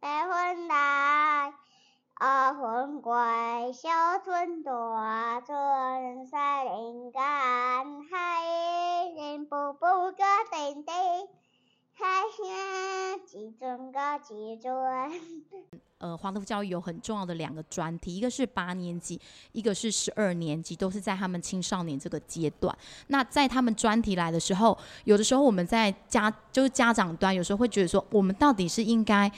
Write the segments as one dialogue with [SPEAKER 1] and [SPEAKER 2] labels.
[SPEAKER 1] 白雲來，黃昏歸，小村大村山更矮，人步步加登登，嘿嘿，自在加自在。
[SPEAKER 2] 呃，華德福教育有很重要的兩個專題，一個是八年級，一個是十二年級，都是在他們青少年這個階段。那在他們專題來的時候，有的時候我們在家，就是家長端，有時候會覺得說，我們到底是應該。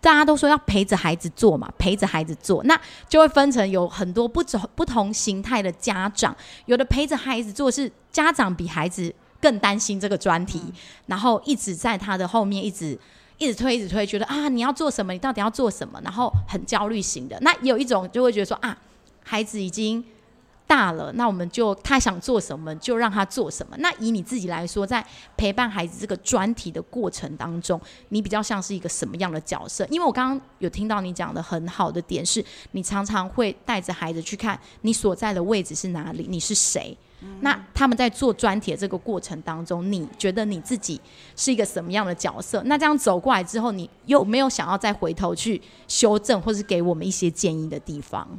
[SPEAKER 2] 大家都說要陪着孩子做嘛，陪着孩子做，那就會分成有很多不同不同形態的家長。有的陪着孩子做是家長比孩子更擔心這個專題，然後一直在他的後面一直一直推一直推，覺得啊，你要做什麼，你到底要做什麼，然後很焦慮型的。那有一種就會覺得說啊，孩子已經。大了，那我們就他想做什麼就讓他做什麼。那以你自己來說，在陪伴孩子這個專題的過程當中，你比較像是一個什麼樣的角色？因為我剛剛有聽到你講的很好的點是，是你常常會帶着孩子去看你所在的位置是哪裡，你是誰。那他們在做專題的這個過程當中，你覺得你自己是一個什麼樣的角色？那這樣走過來之後，你有沒有想要再回頭去修正，或是給我們一些建議的地方？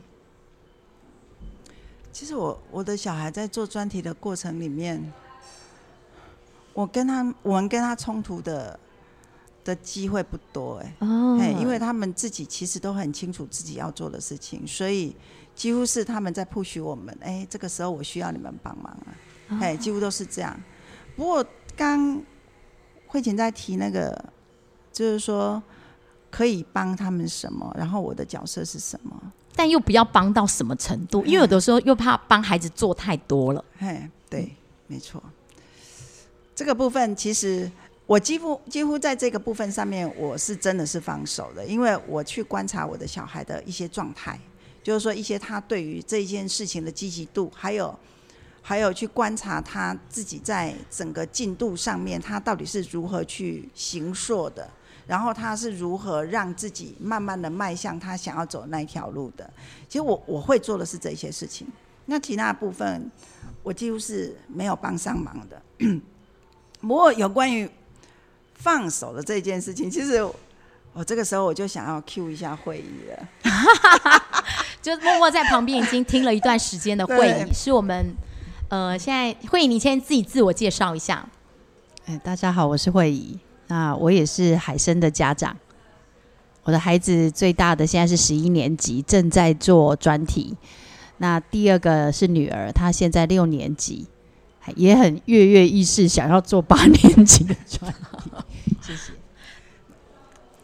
[SPEAKER 3] 其實我我的小孩在做專題的過程裡面，我跟他我們跟他衝突的的機會不多哎、欸，哎、oh.，因為他們自己其實都很清楚自己要做的事情，所以幾乎是他們在 push 我們，哎，這個時候我需要你們幫忙啊，哎、oh.，幾乎都是這樣。不過剛慧宜在提那個，就是說可以幫他們什麼，然後我的角色是什麼？但又不要幫到什麼程度，因為有的時候又怕幫孩子做太多了。嘿、嗯，對，沒錯。這個部分其實我幾乎幾乎在這個部分上面，我是真的是放手的，因為我去觀察我的小孩的一些狀態，就是說一些他對於這件事情的積極度，還有。還有去觀察他自己在整個進度上面，他到底是如何去行碩的，然後他是如何讓自己慢慢的邁向他想要走那一條路的。其實我我會做的是這些事情，那其他部分我幾乎是沒有幫上忙的。 不過有關於放手的這件事情，其實我，我這個時候我就想要 Q 一下會議慧宜了，
[SPEAKER 2] 就默默在旁邊已經聽了一段時間的慧宜， 是我們。呃，現在慧宜你先自己自我介紹一下。
[SPEAKER 1] 哎、欸，大家好，我是慧宜。那、啊、我也是海聲的家長，我的孩子最大的現在是十一年級，正在做專題。那第二個是女兒，她現在六年級，也很躍躍欲試，想要做八年級的專。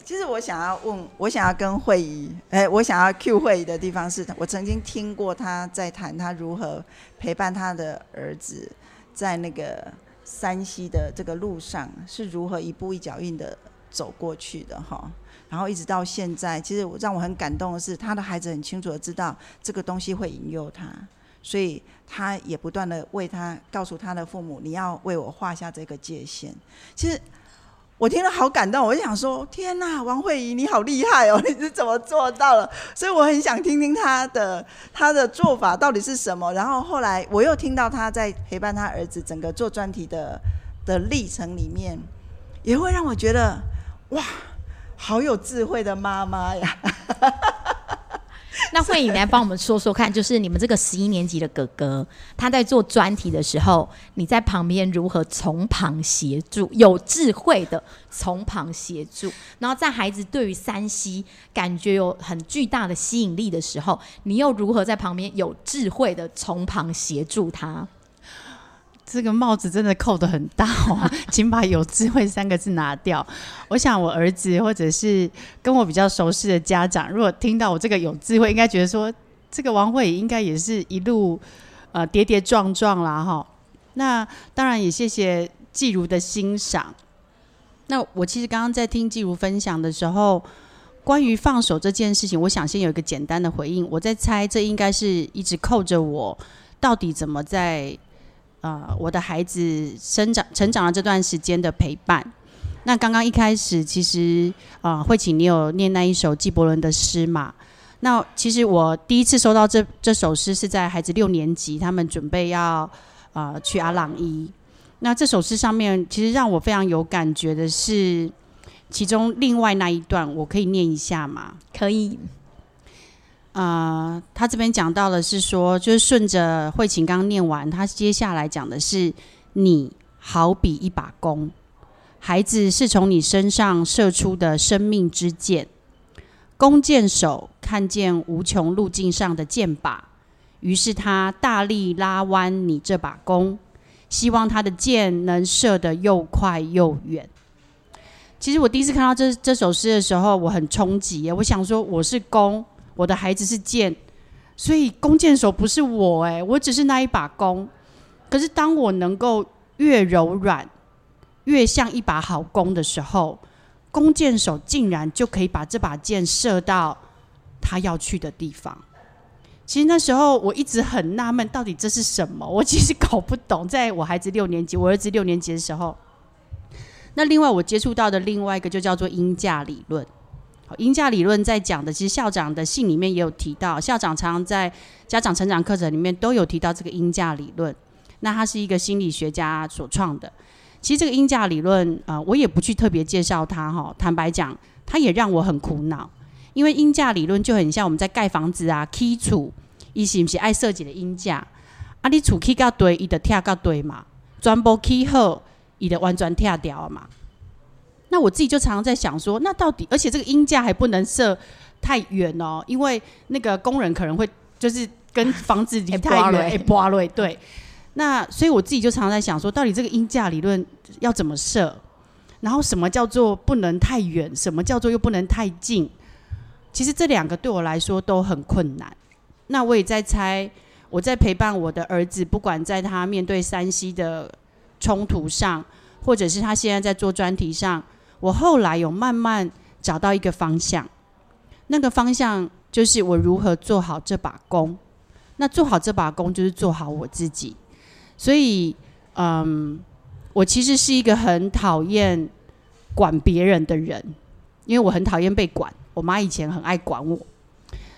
[SPEAKER 3] 其實我想要問，我想要跟慧宜。誒、欸，我想要 Q 慧宜的地方是，我曾經聽過他在談他如何陪伴他的兒子在那個山西的這個路上是如何一步一腳印地走過去的哈，然後一直到現在，其實讓我很感動的是，他的孩子很清楚的知道這個東西會引誘他，所以他也不斷的為他告訴他的父母，你要為我畫下這個界限。其實。我聽了好感動，我就想說：天吶、啊，王慧宜你好厲害哦！你是怎麼做到了？所以我很想聽聽她的她的做法到底是什麼。然後後來我又聽到她在陪伴她兒子整個做專題的的歷程裡面，也會讓我覺得哇，好有智慧的媽媽呀！ 那慧宜來幫我們說說看，就是
[SPEAKER 2] 你們這個十一年級的哥哥，他在做專題的時候，你在旁邊如何從旁協助？有智慧的從旁協助，然後在孩子對於 3C 感覺有很巨大的吸引力的時候，你又如何在旁邊
[SPEAKER 1] 有智慧的從旁協助他？這個帽子真的扣得很大哦， 請把“有智慧”三個字拿掉。我想，我兒子或者是跟我比較熟悉的家長，如果聽到我這個“有智慧”，應該覺得說，這個王慧應該也是一路呃跌跌撞撞啦哈、哦。那當然也謝謝紀如的欣賞。那我其實剛剛在聽紀如分享的時候，關於放手這件事情，我想先有一個簡單的回應。我在猜，這應該是一直扣着我，到底怎麼在。呃，我的孩子生長成長的這段時間的陪伴。那剛剛一開始，其實啊，呃、慧宜你有念那一首紀伯倫的詩嘛？那其實我第一次收到這這首詩是在孩子六年級，他們準備要呃去阿朗伊。那這首詩上面，其實讓我非常有感覺的是其中另外那一段，我可以念一下嗎？可以。呃、uh，他這邊講到的是說就是順着慧宜剛念完，他接下來講的是，你好比一把弓，孩子是從你身上射出的生命之箭，弓箭手看見無窮路徑上的箭靶，於是他大力拉彎你這把弓，希望他的箭能射得又快又遠。其實我第一次看到這這首詩的時候，我很衝擊。我想說我是弓。我的孩子是箭，所以弓箭手不是我哎、欸，我只是那一把弓。可是當我能夠越柔軟，越像一把好弓的時候，弓箭手竟然就可以把這把箭射到他要去的地方。其實那時候我一直很納悶，到底這是什麼？我其實搞不懂。在我孩子六年級，我兒子六年級的時候，那另外我接觸到的另外一個就叫做鷹架理論。鷹架理論在講的，其實校長的信裡面也有提到，校長常常在家長成長課程裡面都有提到這個鷹架理論。那他是一個心理學家所創的。其實這個鷹架理論啊、呃，我也不去特別介紹他哈。坦白講，他也讓我很苦惱，因為鷹架理論就很像我們在蓋房子啊，砌厝伊是不是愛設計的鷹架？啊，你厝砌到堆，伊就拆到堆嘛，磚塊砌好，你的完全跳掉嘛。那我自己就常常在想說，那到底，而且這個鷹架還不能設太遠哦，因為那個工人可能會就是跟房子離太遠。 對， 那所以我自己就常常在想說，到底這個鷹架理論要怎麼設？然後什麼叫做不能太遠？什麼叫做又不能太近？其實這兩個對我來說都很困難。那我也在猜，我在陪伴我的兒子，不管在他面對 3C 的衝突上，或者是他現在在做專題上。我後來有慢慢找到一個方向，那個方向就是我如何做好這把弓。那做好這把弓，就是做好我自己。所以，嗯，我其實是一個很討厭管別人的人，因為我很討厭被管。我媽以前很愛管我，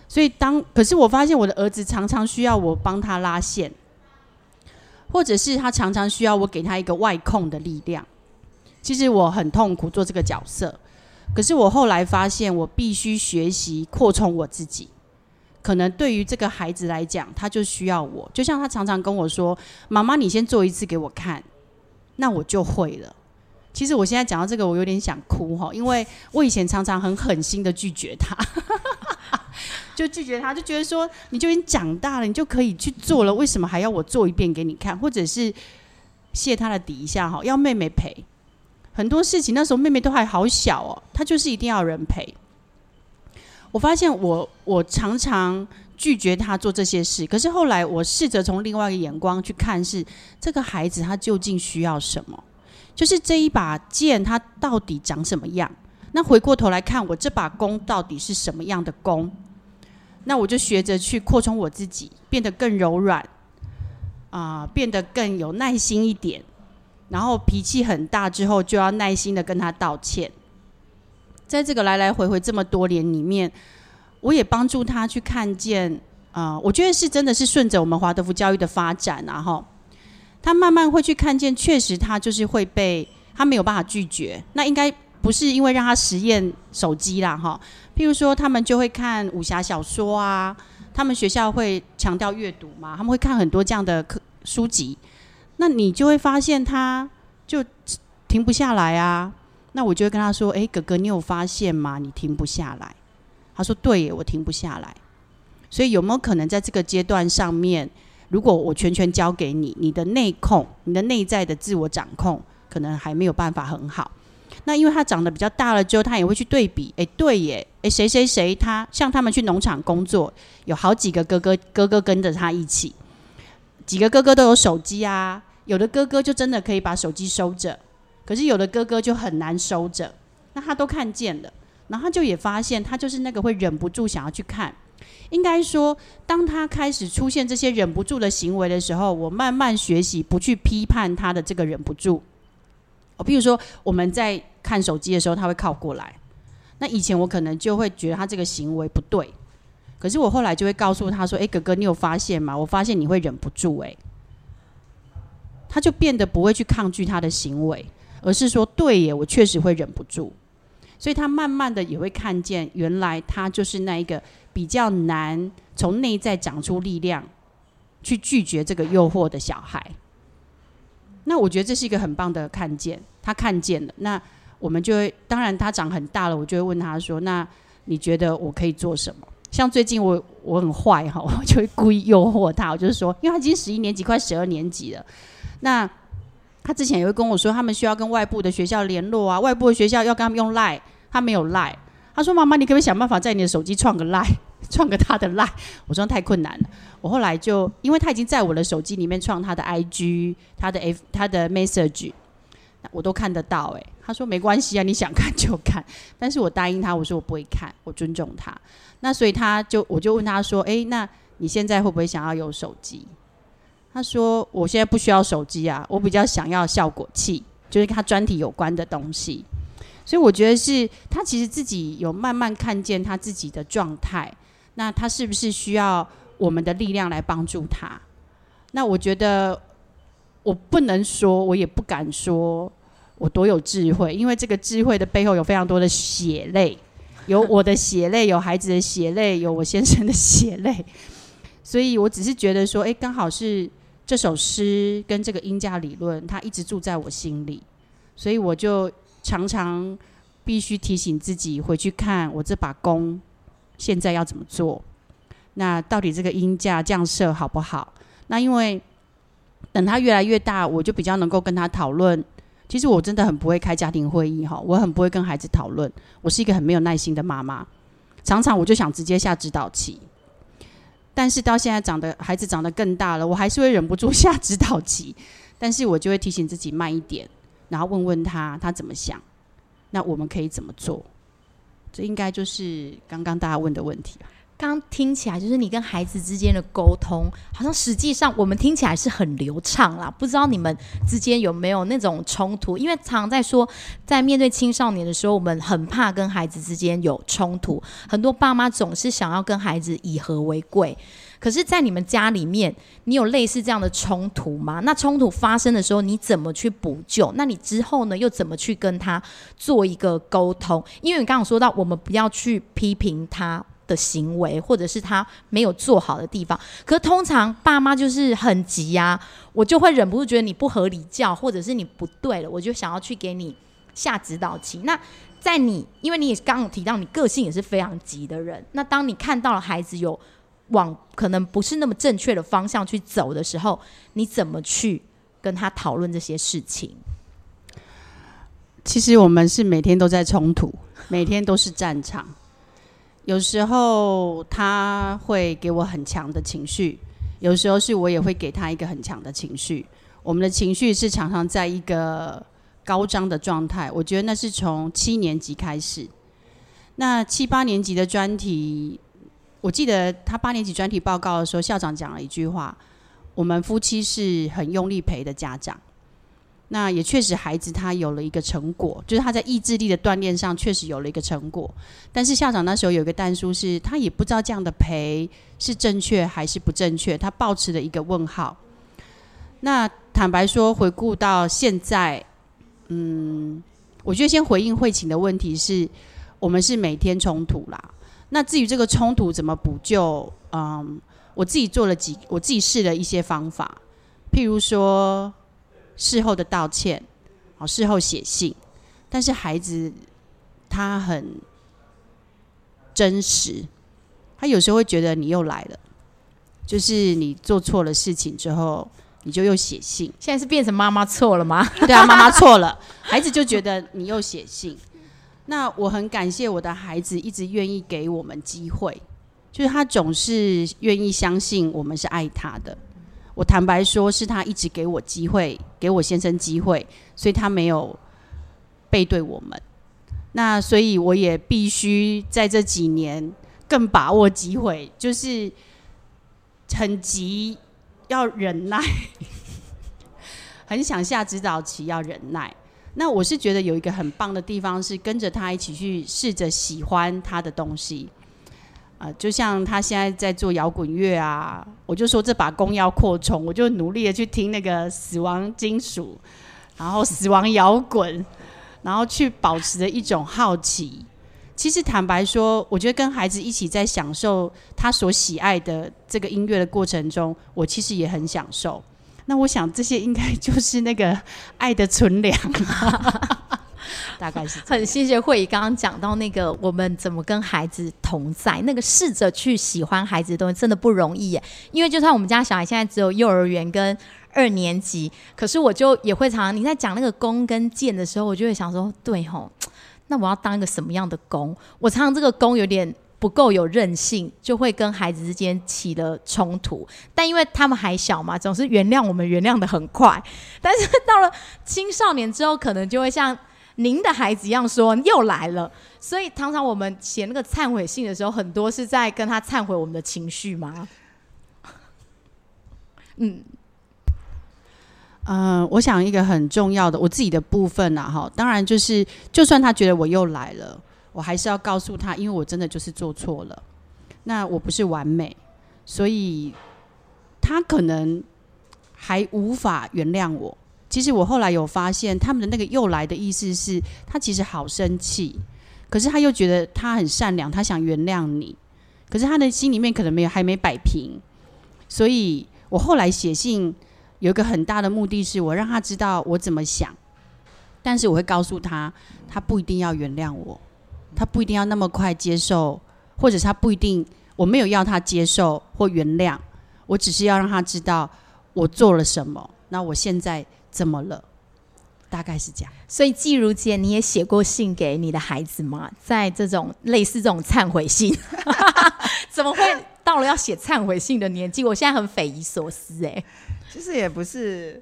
[SPEAKER 1] 所以當，可是我發現我的兒子常常需要我幫他拉線，或者是他常常需要我給他一個外控的力量。其實我很痛苦做這個角色，可是我後來發現我必須學習擴充我自己。可能對於這個孩子來講，他就需要我。就像他常常跟我說：“媽媽，你先做一次給我看，那我就會了。”其實我現在講到這個，我有點想哭哈，因為我以前常常很狠心地拒絕他， 就拒絕他就覺得說：“你就已經長大了，你就可以去做了，為什麼還要我做一遍給你看？”或者是洩他的底一下哈，要妹妹陪。很多事情那時候妹妹都還好小哦，她就是一定要人陪。我發現我我常常拒絕她做這些事，可是後來我試着從另外一個眼光去看是，是這個孩子他究竟需要什麼？就是這一把劍，它到底長什麼樣？那回過頭來看，我這把弓到底是什麼樣的弓？那我就學着去擴充我自己，變得更柔軟啊、呃，變得更有耐心一點。然後脾氣很大，之後就要耐心的跟他道歉。在這個來來回回這麼多年裡面，我也幫助他去看見，啊，我覺得是真的是順着我們華德福教育的發展啊，哈，他慢慢會去看見，確實他就是會被他沒有辦法拒絕。那應該不是因為讓他實驗手機啦，哈，譬如說他們就會看武俠小說啊，他們學校會強調閱讀嘛，他們會看很多這樣的課書籍。那你就會發現他就停不下來啊。那我就會跟他說：“欸，哥哥，你有發現嗎？你停不下來。”他說：“對耶，我停不下來。”所以有沒有可能在這個階段上面，如果我全權交給你，你的內控、你的內在的自我掌控，可能還沒有辦法很好。那因為他長得比較大了之後，他也會去對比。欸，對耶，欸，誰誰誰，他像他們去農場工作，有好幾個哥哥，哥哥跟着他一起，幾個哥哥都有手機啊。有的哥哥就真的可以把手機收着，可是有的哥哥就很難收着。那他都看見了，然後他就也發現，他就是那個會忍不住想要去看。應該說，當他開始出現這些忍不住的行為的時候，我慢慢學習不去批判他的這個忍不住。我、哦、比如說我們在看手機的時候，他會靠過來。那以前我可能就會覺得他這個行為不對，可是我後來就會告訴他說：“哎、欸，哥哥，你有發現嗎？我發現你會忍不住、欸。”誒。他就變得不會去抗拒他的行為，而是說：“對耶，我確實會忍不住。”所以，他慢慢的也會看見，原來他就是那一個比較難從內在長出力量去拒絕這個誘惑的小孩。那我覺得這是一個很棒的看見，他看見了。那我們就會，當然他長很大了，我就會問他說：“那你覺得我可以做什麼？”像最近我我很壞哈，我就會故意誘惑他。我就是說，因為他已經十一年級，快十二年級了。那他之前也會跟我說，他們需要跟外部的學校聯絡啊，外部的學校要跟他們用 LINE，他沒有 LINE。他說：“媽媽，你可不可以想辦法在你的手機創個 LINE，創個他的 LINE？” 我說：“太困難了。”我後來就，因為他已經在我的手機裡面創他的 IG，他的 F，他的 Message，那我都看得到、欸。哎，他說：“沒關係啊，你想看就看。”但是我答應他，我說：“我不會看，我尊重他。”那所以他就，我就問他說：“欸，那你現在會不會想要有手機？”他說：“我現在不需要手機啊，我比較想要效果器，就是跟他專題有關的東西。”所以我覺得是他其實自己有慢慢看見他自己的狀態，那他是不是需要我們的力量來幫助他？那我覺得我不能說，我也不敢說我多有智慧，因為這個智慧的背後有非常多的血淚。有我的血淚，有孩子的血淚，有我先生的血淚，所以我只是覺得說，誒、欸，剛好是這首詩跟這個音價理論，它一直住在我心裡，所以我就常常必須提醒自己回去看我這把弓現在要怎麼做。那到底這個音價降設好不好？那因為等它越來越大，我就比較能夠跟他討論。其實我真的很不會開家庭會議哈，我很不會跟孩子討論，我是一個很沒有耐心的媽媽，常常我就想直接下指導棋，但是到現在長得孩子長得更大了，我還是會忍不住下指導棋，但是我就會提醒自己慢一點，然後問問他他怎麼想，那我們可以怎麼做？這應該就是剛剛大家問的問題吧。剛聽起來就是你跟孩子之間的溝通，
[SPEAKER 2] 好像實際上我們聽起來是很流暢啦。不知道你們之間有沒有那種衝突？因為常在說，在面對青少年的時候，我們很怕跟孩子之間有衝突。很多爸媽總是想要跟孩子以和為貴，可是在你們家裡面，你有類似這樣的衝突嗎？那衝突發生的時候，你怎麼去補救？那你之後呢，又怎麼去跟他做一個溝通？因為你剛剛說到，我們不要去批評他的行為，或者是他沒有做好的地方，可通常爸媽就是很急呀、啊，我就會忍不住覺得你不合理教或者是你不對了，我就想要去給你下指導棋。那在你，因為你也剛剛提到你個性也是非常急的人，那當你看到了孩子有往可能不是那麼正確的方向去走的時候，你怎麼去跟他討論這些事情？
[SPEAKER 1] 其實我們是每天都在衝突，每天都是戰場。有時候他會給我很強的情緒，有時候是我也會給他一個很強的情緒。我們的情緒是常常在一個高漲的狀態。我覺得那是從七年級開始，那七八年級的專題，我記得他八年級專題報告的時候，校長講了一句話：我們夫妻是很用力陪的家長。那也確實，孩子他有了一個成果，就是他在意志力的鍛鍊上確實有了一個成果。但是校長那時候有一個但書，是他也不知道這樣的陪是正確還是不正確，他抱持了一個問號。那坦白說，回顧到現在，嗯，我覺得先回應慧宜的問題是我們是每天衝突啦。那至於這個衝突怎麼補救，嗯，我自己做了幾，我自己試了一些方法，譬如說。事後的道歉，好，事後寫信，但是孩子他很真實，他有時候會覺得你又來了，就是你做錯了事情之後，你就又寫信。現在是變成媽媽錯了嗎？對啊，媽媽錯了， 孩子就覺得你又寫信。那我很感謝我的孩子一直願意給我們機會，就是他總是願意相信我們是愛他的。我坦白說，是他一直給我機會，給我先生機會，所以他沒有背對我們。那所以我也必須在這幾年更把握機會，就是很急要忍耐， 很想下指導棋要忍耐。那我是覺得有一個很棒的地方是跟着他一起去試着喜歡他的東西。啊、呃，就像他現在在做搖滾樂啊，我就說這把弓要擴充，我就努力的去聽那個死亡金屬，然後死亡搖滾，然後去保持着一種好奇。其實坦白說，我覺得跟孩子一起在享受他所喜愛的這個音樂的過程中，我其實也很享受。那我想這些應該就是那個愛的存糧。 大概是
[SPEAKER 2] 很謝謝慧宜剛剛講到那個我們怎麼跟孩子同在，那個試着去喜歡孩子的東西真的不容易耶。因為就算我們家小孩現在只有幼兒園跟二年級，可是我就也會常常你在講那個弓跟箭的時候，我就會想說，對哦，那我要當一個什麼樣的弓？我常常這個弓有點不夠有韌性，就會跟孩子之間起了衝突。但因為他們還小嘛，總是原諒我們，原諒得很快。但是到了青少年之後，可能就會像。您的孩子一樣說，又來了，所以常常我們寫那個懺悔信的時候，很多是在跟他懺悔我們的情緒嗎？嗯，嗯、
[SPEAKER 1] 呃，我想一個很重要的我自己的部分吶、啊，哈，當然就是，就算他覺得我又來了，我還是要告訴他，因為我真的就是做錯了，那我不是完美，所以他可能還無法原諒我。其實我後來有發現，他們的那個又來的意思是，他其實好生氣，可是他又覺得他很善良，他想原諒你，可是他的心裡面可能沒有還沒擺平。所以我後來寫信有一個很大的目的是，我讓他知道我怎麼想，但是我會告訴他，他不一定要原諒我，他不一定要那麼快接受，或者他不一定我沒有要他接受或原諒，我只是要讓他知道我做了什麼。那我現在。怎麼了？大概是這樣。所以紀如姐，你也寫過信給你的孩子嗎？在這種類似這種
[SPEAKER 3] 懺悔信， 怎麼會到了要寫懺悔信的年紀？我現在很匪夷所思哎、欸。其實也不是，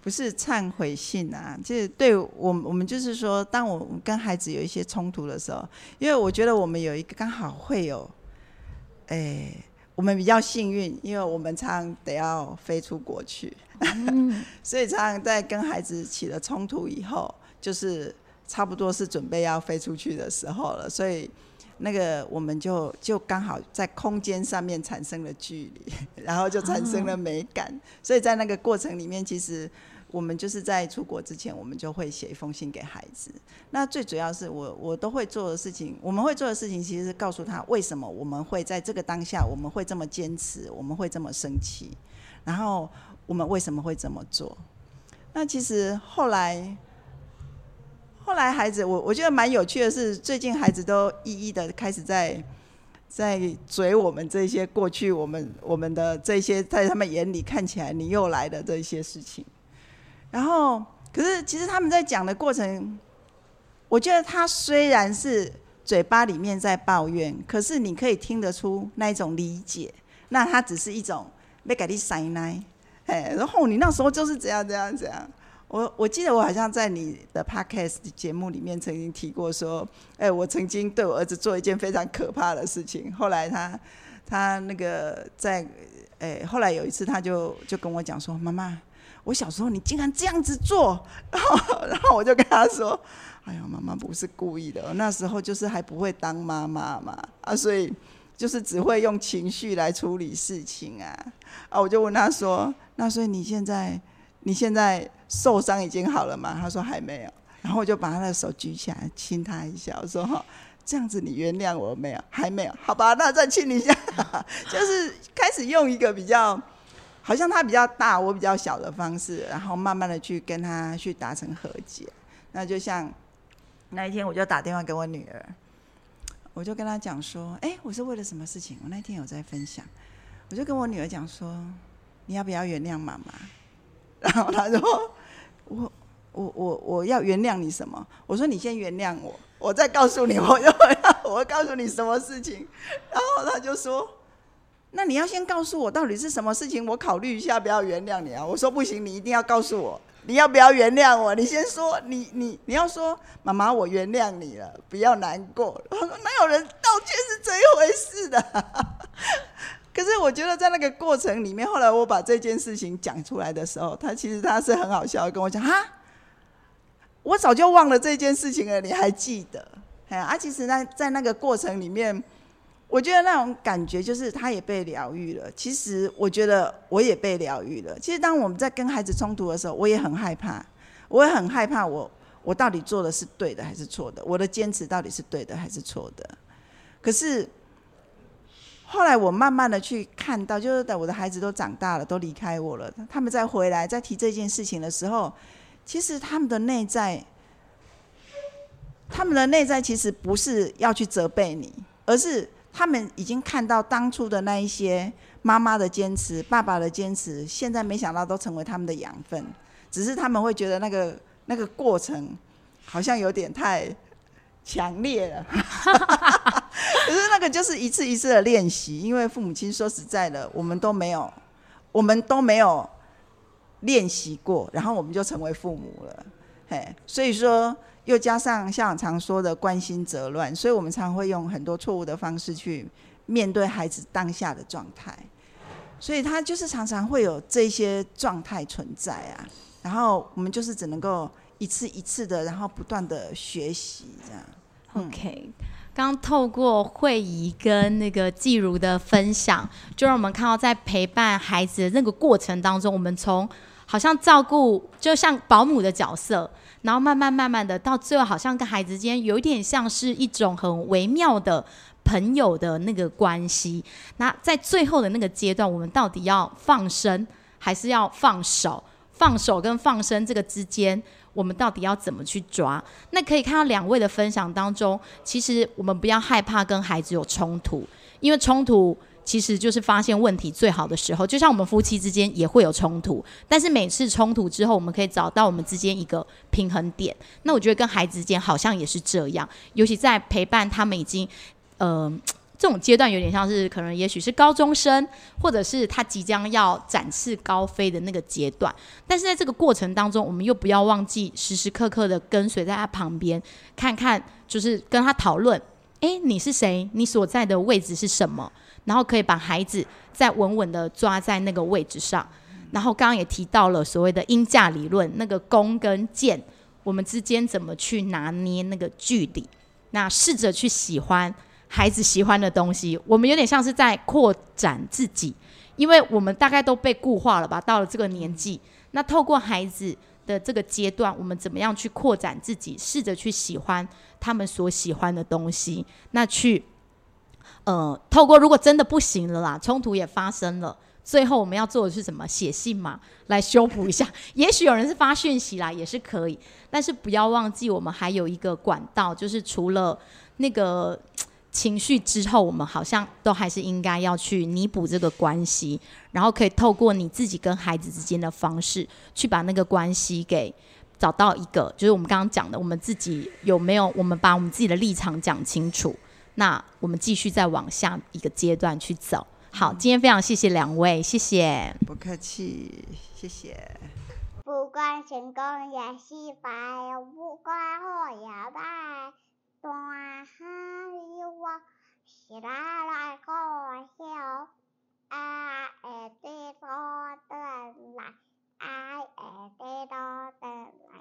[SPEAKER 3] 不是懺悔信啊，就是對我我們就是說，當我們跟孩子有一些衝突的時候，因為我覺得我們有一個剛好會有，哎、欸。我們比較幸運，因為我們常常得要飛出國去，嗯、呵呵，所以常常在跟孩子起了衝突以後，就是差不多是準備要飛出去的時候了，所以那個我們就就剛好在空間上面產生了距離，然後就產生了美感，啊、所以在那個過程裡面，其實。我們就是在出國之前，我們就會寫一封信給孩子。那最主要是我我都會做的事情，我們會做的事情，其實是告訴他為什麼我們會在這個當下，我們會這麼堅持，我們會這麼生氣，然後我們為什麼會這麼做？那其實後來，後來孩子，我我覺得蠻有趣的是，最近孩子都一一的開始在在追我們這些過去，我們我們的這些在他們眼裡看起來你又來的這些事情。然後，可是其實他們在講的過程，我覺得他雖然是嘴巴裡面在抱怨，可是你可以聽得出那一種理解。那他只是一種被隔離塞奶哎，然後你那時候就是這樣這樣這樣，我我記得我好像在你的 podcast 節目裡面曾經提過說，哎，我曾經對我兒子做一件非常可怕的事情。後來他他那個在，哎，後來有一次他就就跟我講說，媽媽。我小時候，你竟然這樣子做，然後，然後我就跟他說：“哎喲，媽媽不是故意的，那時候就是還不會當媽媽嘛，啊，所以就是只會用情緒來處理事情啊。”啊，我就問他說：“那所以你現在，你現在受傷已經好了嗎？”他說：“還沒有。”然後我就把他的手舉起來親他一下，我說：“哈，這樣子你原諒我沒有？還沒有？好吧，那再親一下，就是開始用一個比較。”好像他比較大，我比較小的方式，然後慢慢的去跟他去達成和解。那就像那一天，我就打電話給我女兒，我就跟她講說：“哎、欸，我是為了什麼事情？”我那天有在分享，我就跟我女兒講說：“你要不要原諒媽媽？”然後她說：“我、我、我、我要原諒你什麼？”我說：“你先原諒我，我再告訴你我又我要我告訴你什麼事情。”然後她就說。那你要先告訴我到底是什麼事情，我考慮一下，不要原諒你啊！我說不行，你一定要告訴我，你要不要原諒我？你先說，你你你要說，媽媽，我原諒你了，不要難過。我說哪有人道歉是這一回事的啊？可是我覺得在那個過程裡面，後來我把這件事情講出來的時候，他其實他是很好笑，跟我講哈，我早就忘了這件事情了，你還記得？哎，啊，其實呢，在那個過程裡面。我覺得那種感覺就是他也被療癒了。其實我覺得我也被療癒了。其實當我們在跟孩子衝突的時候，我也很害怕，我也很害怕我。我我到底做的是對的還是錯的？我的堅持到底是對的還是錯的？可是後來我慢慢的去看到，就是我的孩子都長大了，都離開我了。他們再回來再提這件事情的時候，其實他們的內在，他們的內在其實不是要去責備你，而是。他們已經看到，當初的那一些媽媽的堅持、爸爸的堅持，現在沒想到都成為他們的養分。只是他們會覺得那個那個過程好像有點太強烈了。 可是那個就是一次一次的練習，因為父母親說實在的，我們都沒有，我們都沒有練習過，然後我們就成為父母了。嘿，所以說，又加上像我常說的關心則亂，所以我們常會用很多錯誤的方式去面對孩子當下的狀態，所以他就是常常會有這些狀態存在啊。然後我們就是只能夠一次一次的，然後不斷的學習這樣。OK，嗯，剛透過
[SPEAKER 2] 慧宜跟那個紀如的分享，就讓我們看到在陪伴孩子的那個過程當中，我們從好像照顧就像保姆的角色。然後慢慢慢慢的，到最後好像跟孩子之間有一點像是一種很微妙的朋友的那個關係。那在最後的那個階段，我們到底要放生還是要放手？放手跟放生這個之間，我們到底要怎麼去抓？那可以看到兩位的分享當中，其實我們不要害怕跟孩子有衝突，因為衝突。其實就是發現問題最好的時候，就像我們夫妻之間也會有衝突，但是每次衝突之後，我們可以找到我們之間一個平衡點。那我覺得跟孩子之間好像也是這樣，尤其在陪伴他們已經，呃，這種階段有點像是可能也許是高中生，或者是他即將要展翅高飛的那個階段。但是在這個過程當中，我們又不要忘記時時刻刻的跟隨在他旁邊，看看就是跟他討論，誒，你是誰？你所在的位置是什麼？然後可以把孩子再穩穩地抓在那個位置上。然後剛剛也提到了所謂的鷹架理論，那個弓跟箭，我們之間怎麼去拿捏那個距離？那試着去喜歡孩子喜歡的東西，我們有點像是在擴展自己，因為我們大概都被固化了吧？到了這個年紀，那透過孩子的這個階段，我們怎麼樣去擴展自己？試着去喜歡他們所喜歡的東西，那去。呃，透過如果真的不行了啦，衝突也發生了，最後我們要做的是什麼？寫信嘛，來修補一下。也許有人是發訊息啦，也是可以。但是不要忘記，我們還有一個管道，就是除了那個情緒之後，我們好像都還是應該要去彌補這個關係，然後可以透過你自己跟孩子之間的方式，去把那個關係給找到一個，就是我們剛剛講的，我們自己有沒有我們把我們自己的立場講清楚。那我們繼續再往下一個階段去走。好，今天非常謝謝兩位，謝謝。不客
[SPEAKER 3] 氣，謝謝。
[SPEAKER 1] 不管成功也失敗，不管好也壞，大海裡我飄來飄去，愛的多帶來，愛的多帶來。啊啊啊啊啊